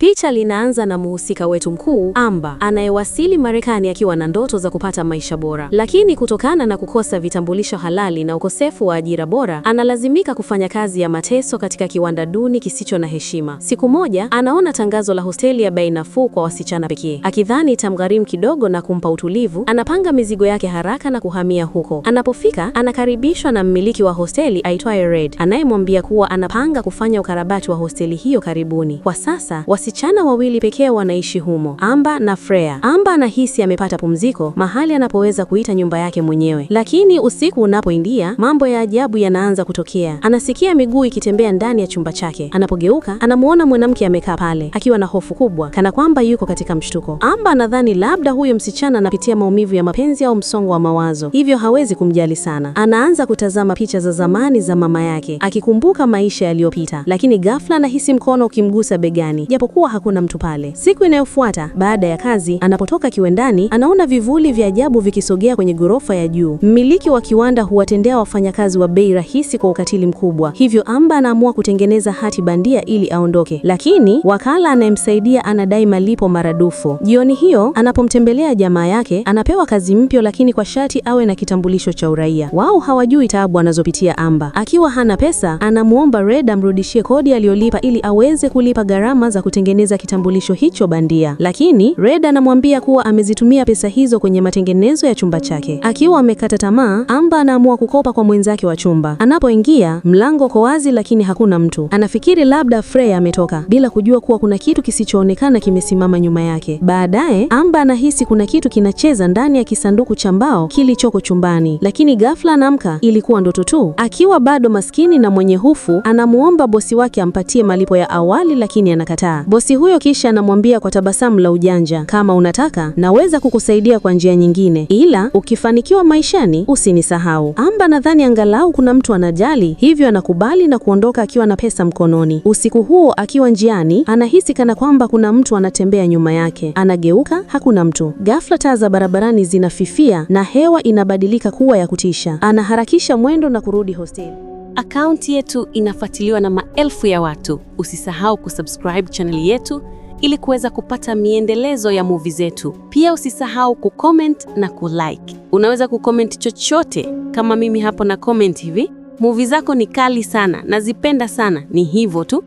Picha linaanza na muhusika wetu mkuu Amber anayewasili Marekani akiwa na ndoto za kupata maisha bora, lakini kutokana na kukosa vitambulisho halali na ukosefu wa ajira bora, analazimika kufanya kazi ya mateso katika kiwanda duni kisicho na heshima. Siku moja anaona tangazo la hosteli ya bei nafuu kwa wasichana pekee. Akidhani itamgharimu kidogo na kumpa utulivu, anapanga mizigo yake haraka na kuhamia huko. Anapofika, anakaribishwa na mmiliki wa hosteli aitwaye Red, anayemwambia kuwa anapanga kufanya ukarabati wa hosteli hiyo karibuni. Kwa sasa wasichana wawili pekee wanaishi humo, Amber na Freya. Amber anahisi amepata pumziko mahali anapoweza kuita nyumba yake mwenyewe, lakini usiku unapoingia, mambo ya ajabu yanaanza kutokea. Anasikia miguu ikitembea ndani ya chumba chake. Anapogeuka, anamuona mwanamke amekaa pale akiwa na hofu kubwa, kana kwamba yuko katika mshtuko. Amber anadhani labda huyo msichana anapitia maumivu ya mapenzi au msongo wa mawazo, hivyo hawezi kumjali sana. Anaanza kutazama picha za zamani za mama yake, akikumbuka maisha yaliyopita, lakini ghafla anahisi mkono ukimgusa begani, japo kuwa hakuna mtu pale. Siku inayofuata baada ya kazi, anapotoka kiwandani, anaona vivuli vya ajabu vikisogea kwenye ghorofa ya juu. Mmiliki wa kiwanda huwatendea wafanyakazi wa bei rahisi kwa ukatili mkubwa, hivyo Amba anaamua kutengeneza hati bandia ili aondoke, lakini wakala anayemsaidia anadai malipo maradufu. Jioni hiyo anapomtembelea jamaa yake, anapewa kazi mpya, lakini kwa sharti awe na kitambulisho cha uraia. Wao hawajui taabu anazopitia Amba. Akiwa hana pesa, anamwomba Red amrudishie kodi aliyolipa ili aweze kulipa gharama za kutengeneza kutengeneza kitambulisho hicho bandia, lakini Red anamwambia kuwa amezitumia pesa hizo kwenye matengenezo ya chumba chake. Akiwa amekata tamaa, Amba anaamua kukopa kwa mwenzake wa chumba. Anapoingia, mlango uko wazi, lakini hakuna mtu. Anafikiri labda Freya ametoka, bila kujua kuwa kuna kitu kisichoonekana kimesimama nyuma yake. Baadaye Amba anahisi kuna kitu kinacheza ndani ya kisanduku cha mbao kilichoko chumbani, lakini ghafla anaamka, ilikuwa ndoto tu. Akiwa bado maskini na mwenye hofu, anamuomba bosi wake ampatie malipo ya awali, lakini anakataa. Bosi huyo kisha anamwambia kwa tabasamu la ujanja, kama unataka naweza kukusaidia kwa njia nyingine, ila ukifanikiwa maishani usinisahau. Amba nadhani angalau kuna mtu anajali, hivyo anakubali na kuondoka akiwa na pesa mkononi. Usiku huo akiwa njiani, anahisi kana kwamba kuna mtu anatembea nyuma yake. Anageuka, hakuna mtu. Ghafla taa za barabarani zinafifia na hewa inabadilika kuwa ya kutisha. Anaharakisha mwendo na kurudi hosteli. Akaunti yetu inafuatiliwa na maelfu ya watu. Usisahau kusubscribe chaneli yetu ili kuweza kupata miendelezo ya movie zetu. Pia usisahau kucomment na kulike. Unaweza kucomment chochote, kama mimi hapo na comment hivi, movie zako ni kali sana, nazipenda sana. Ni hivyo tu.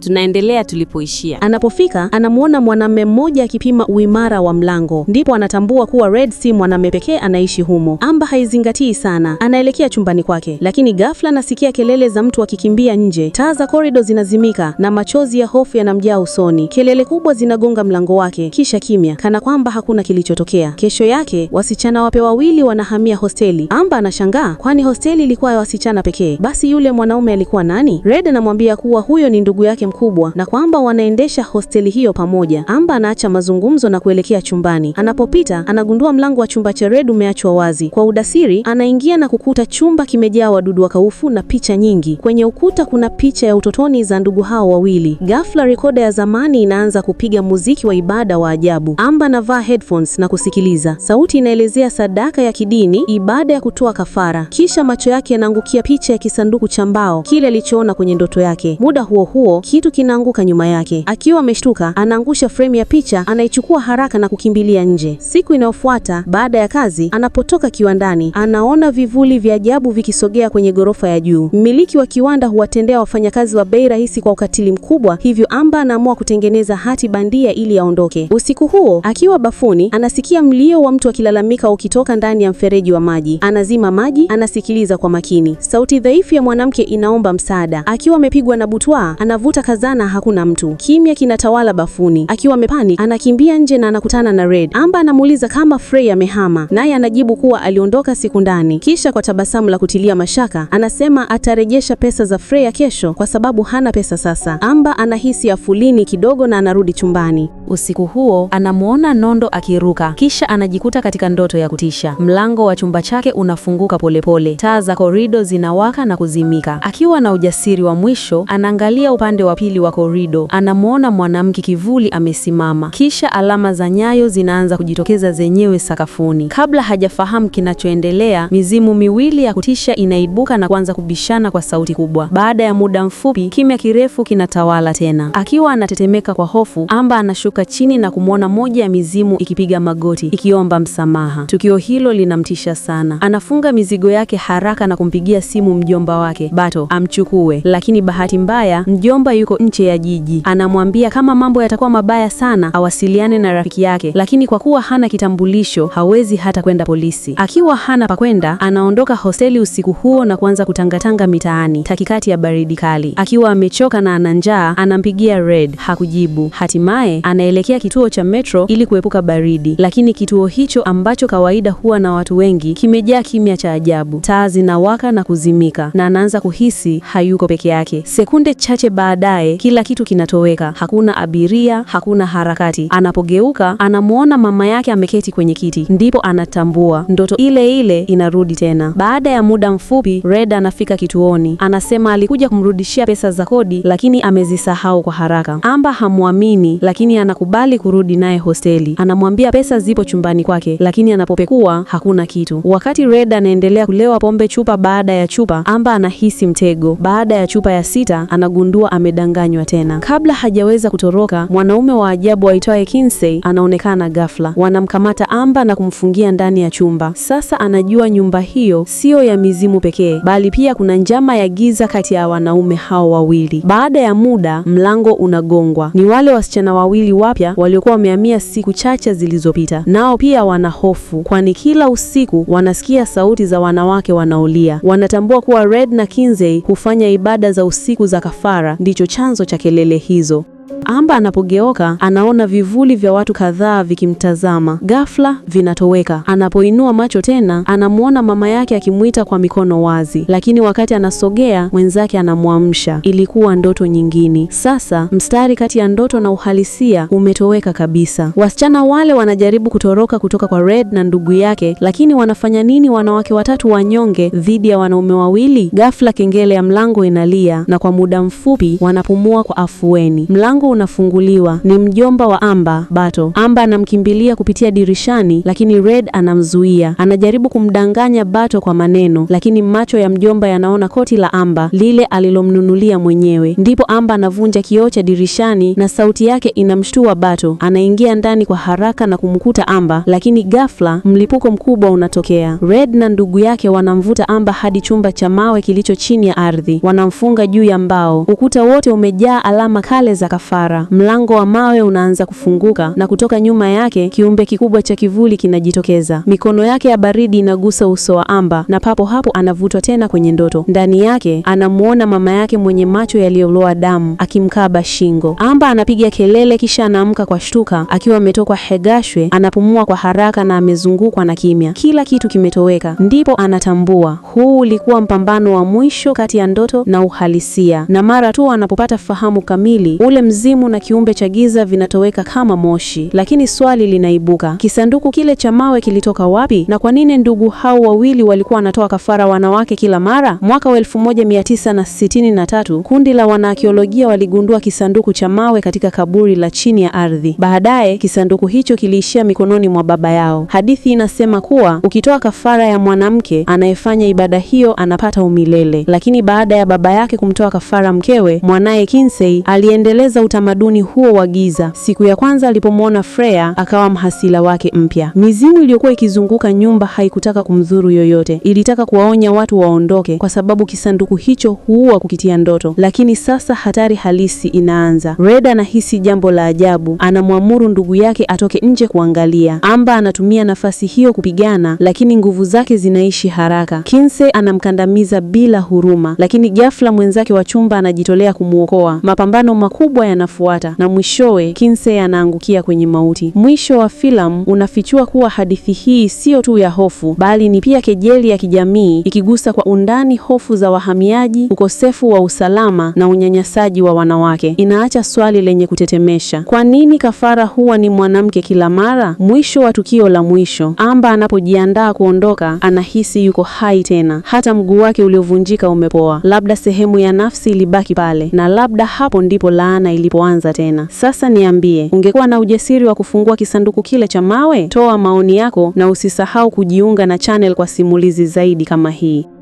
Tunaendelea tulipoishia. Anapofika anamwona mwanamume mmoja akipima uimara wa mlango, ndipo anatambua kuwa Red si mwanamume pekee anaishi humo. Amba haizingatii sana, anaelekea chumbani kwake, lakini ghafla anasikia kelele za mtu akikimbia nje. Taa za korido zinazimika na machozi ya hofu yanamjaa usoni. Kelele kubwa zinagonga mlango wake, kisha kimya, kana kwamba hakuna kilichotokea. Kesho yake wasichana wape wawili wanahamia hosteli. Amba anashangaa, kwani hosteli ilikuwa ya wasichana pekee? Basi yule mwanaume alikuwa nani? Red anamwambia kuwa huyo ni ndugu yake mkubwa na kwamba wanaendesha hosteli hiyo pamoja. Amba anaacha mazungumzo na kuelekea chumbani. Anapopita anagundua mlango wa chumba cha Red umeachwa wazi. Kwa udasiri anaingia na kukuta chumba kimejaa wadudu wakaufu na picha nyingi. Kwenye ukuta kuna picha ya utotoni za ndugu hao wawili. Ghafla rekoda ya zamani inaanza kupiga muziki wa ibada wa ajabu. Amba anavaa headphones na kusikiliza. Sauti inaelezea sadaka ya kidini, ibada ya kutoa kafara. Kisha macho yake yanaangukia picha ya kisanduku cha mbao, kile alichoona kwenye ndoto yake. Muda huo huo kitu kinaanguka nyuma yake. Akiwa ameshtuka, anaangusha fremu ya picha, anaichukua haraka na kukimbilia nje. Siku inayofuata baada ya kazi, anapotoka kiwandani, anaona vivuli vya ajabu vikisogea kwenye ghorofa ya juu. Mmiliki wa kiwanda huwatendea wafanyakazi wa bei rahisi kwa ukatili mkubwa, hivyo Amba anaamua kutengeneza hati bandia ili aondoke. Usiku huo akiwa bafuni, anasikia mlio wa mtu akilalamika ukitoka ndani ya mfereji wa maji. Anazima maji, anasikiliza kwa makini. Sauti dhaifu ya mwanamke inaomba msaada. Akiwa amepigwa na butwaa, anavuta kazana, hakuna mtu. Kimya kinatawala bafuni. Akiwa amepani, anakimbia nje na anakutana na Red. Amber anamuuliza kama Frey amehama, naye anajibu kuwa aliondoka siku ndani, kisha kwa tabasamu la kutilia mashaka anasema atarejesha pesa za Freya kesho kwa sababu hana pesa sasa. Amber anahisi afulini kidogo na anarudi chumbani. Usiku huo anamwona Nondo akiruka, kisha anajikuta katika ndoto ya kutisha. Mlango wa chumba chake unafunguka polepole, taa za korido zinawaka na kuzimika. Akiwa na ujasiri wa mwisho, anaangalia upande wa pili wa korido anamwona mwanamke kivuli amesimama, kisha alama za nyayo zinaanza kujitokeza zenyewe sakafuni. Kabla hajafahamu kinachoendelea, mizimu miwili ya kutisha inaibuka na kuanza kubishana kwa sauti kubwa. Baada ya muda mfupi, kimya kirefu kinatawala tena. Akiwa anatetemeka kwa hofu, Amba anashuka chini na kumwona moja ya mizimu ikipiga magoti ikiomba msamaha. Tukio hilo linamtisha sana. Anafunga mizigo yake haraka na kumpigia simu mjomba wake Bato amchukue, lakini bahati mbaya mjomba yuko yuko nje ya jiji. Anamwambia kama mambo yatakuwa mabaya sana awasiliane na rafiki yake, lakini kwa kuwa hana kitambulisho hawezi hata kwenda polisi. Akiwa hana pa kwenda, anaondoka hosteli usiku huo na kuanza kutangatanga mitaani takikati ya baridi kali. Akiwa amechoka na ana njaa, anampigia Red, hakujibu. Hatimaye anaelekea kituo cha metro ili kuepuka baridi, lakini kituo hicho ambacho kawaida huwa na watu wengi kimejaa kimya cha ajabu. Taa zinawaka na kuzimika, na anaanza kuhisi hayuko peke yake. Sekunde chache baada baadaye kila kitu kinatoweka, hakuna abiria, hakuna harakati. Anapogeuka anamwona mama yake ameketi kwenye kiti, ndipo anatambua ndoto ile ile inarudi tena. Baada ya muda mfupi, Red anafika kituoni, anasema alikuja kumrudishia pesa za kodi, lakini amezisahau kwa haraka. Amba hamwamini, lakini anakubali kurudi naye hosteli. Anamwambia pesa zipo chumbani kwake, lakini anapopekua hakuna kitu. Wakati Red anaendelea kulewa pombe chupa baada ya chupa, Amba anahisi mtego. Baada ya chupa ya sita anagundua ame anadanganywa tena. Kabla hajaweza kutoroka, mwanaume wa ajabu aitwaye Kinsey anaonekana ghafla. Wanamkamata Amber na kumfungia ndani ya chumba. Sasa anajua nyumba hiyo siyo ya mizimu pekee, bali pia kuna njama ya giza kati ya wanaume hao wawili. Baada ya muda, mlango unagongwa. Ni wale wasichana wawili wapya waliokuwa wamehamia siku chache zilizopita. Nao pia wana hofu, kwani kila usiku wanasikia sauti za wanawake wanaolia. Wanatambua kuwa Red na Kinsey hufanya ibada za usiku za kafara, ndicho chanzo cha kelele hizo. Amba anapogeuka anaona vivuli vya watu kadhaa vikimtazama, ghafla vinatoweka. Anapoinua macho tena, anamwona mama yake akimwita kwa mikono wazi, lakini wakati anasogea mwenzake anamwamsha. Ilikuwa ndoto nyingine. Sasa mstari kati ya ndoto na uhalisia umetoweka kabisa. Wasichana wale wanajaribu kutoroka kutoka kwa Red na ndugu yake, lakini wanafanya nini wanawake watatu wanyonge dhidi ya wanaume wawili? Ghafla kengele ya mlango inalia, na kwa muda mfupi wanapumua kwa afueni. Mlango Mlango unafunguliwa, ni mjomba wa Amber, Bato. Amber anamkimbilia kupitia dirishani, lakini Red anamzuia. Anajaribu kumdanganya Bato kwa maneno, lakini macho ya mjomba yanaona koti la Amber lile alilomnunulia mwenyewe. Ndipo Amber anavunja kioo cha dirishani na sauti yake inamshtua Bato. Anaingia ndani kwa haraka na kumkuta Amber, lakini ghafla mlipuko mkubwa unatokea. Red na ndugu yake wanamvuta Amber hadi chumba cha mawe kilicho chini ya ardhi, wanamfunga juu ya mbao. Ukuta wote umejaa alama kale za kafa msafara. Mlango wa mawe unaanza kufunguka na kutoka nyuma yake kiumbe kikubwa cha kivuli kinajitokeza. Mikono yake ya baridi inagusa uso wa Amba na papo hapo anavutwa tena kwenye ndoto. Ndani yake anamuona mama yake mwenye macho yaliyoloa damu akimkaba shingo. Amba anapiga kelele kisha anaamka kwa shtuka akiwa ametokwa hegashwe, anapumua kwa haraka na amezungukwa na kimya. Kila kitu kimetoweka. Ndipo anatambua huu ulikuwa mpambano wa mwisho kati ya ndoto na uhalisia, na mara tu anapopata fahamu kamili ule wazimu na kiumbe cha giza vinatoweka kama moshi, lakini swali linaibuka: kisanduku kile cha mawe kilitoka wapi, na kwa nini ndugu hao wawili walikuwa wanatoa kafara wanawake kila mara? Mwaka wa 1963 kundi la wanaakiolojia waligundua kisanduku cha mawe katika kaburi la chini ya ardhi. Baadaye kisanduku hicho kiliishia mikononi mwa baba yao. Hadithi inasema kuwa ukitoa kafara ya mwanamke anayefanya ibada hiyo anapata umilele, lakini baada ya baba yake kumtoa kafara mkewe, mwanaye Kinsey aliendeleza utamaduni huo wa giza. Siku ya kwanza alipomwona Freya akawa mhasila wake mpya. Mizimu iliyokuwa ikizunguka nyumba haikutaka kumdhuru yoyote, ilitaka kuwaonya watu waondoke, kwa sababu kisanduku hicho huua kukitia ndoto. Lakini sasa hatari halisi inaanza. Red anahisi jambo la ajabu, anamwamuru ndugu yake atoke nje kuangalia. Amba anatumia nafasi hiyo kupigana, lakini nguvu zake zinaishi haraka. kinse anamkandamiza bila huruma, lakini ghafla mwenzake wa chumba anajitolea kumwokoa. Mapambano makubwa ya yanafuata na mwishowe Kinsey anaangukia kwenye mauti. Mwisho wa filamu unafichua kuwa hadithi hii siyo tu ya hofu, bali ni pia kejeli ya kijamii, ikigusa kwa undani hofu za wahamiaji, ukosefu wa usalama na unyanyasaji wa wanawake. Inaacha swali lenye kutetemesha: kwa nini kafara huwa ni mwanamke kila mara? Mwisho wa tukio la mwisho, Amber anapojiandaa kuondoka, anahisi yuko hai tena, hata mguu wake uliovunjika umepoa. Labda sehemu ya nafsi ilibaki pale, na labda hapo ndipo laana ilipoanza tena. Sasa niambie, ungekuwa na ujasiri wa kufungua kisanduku kile cha mawe? Toa maoni yako na usisahau kujiunga na channel kwa simulizi zaidi kama hii.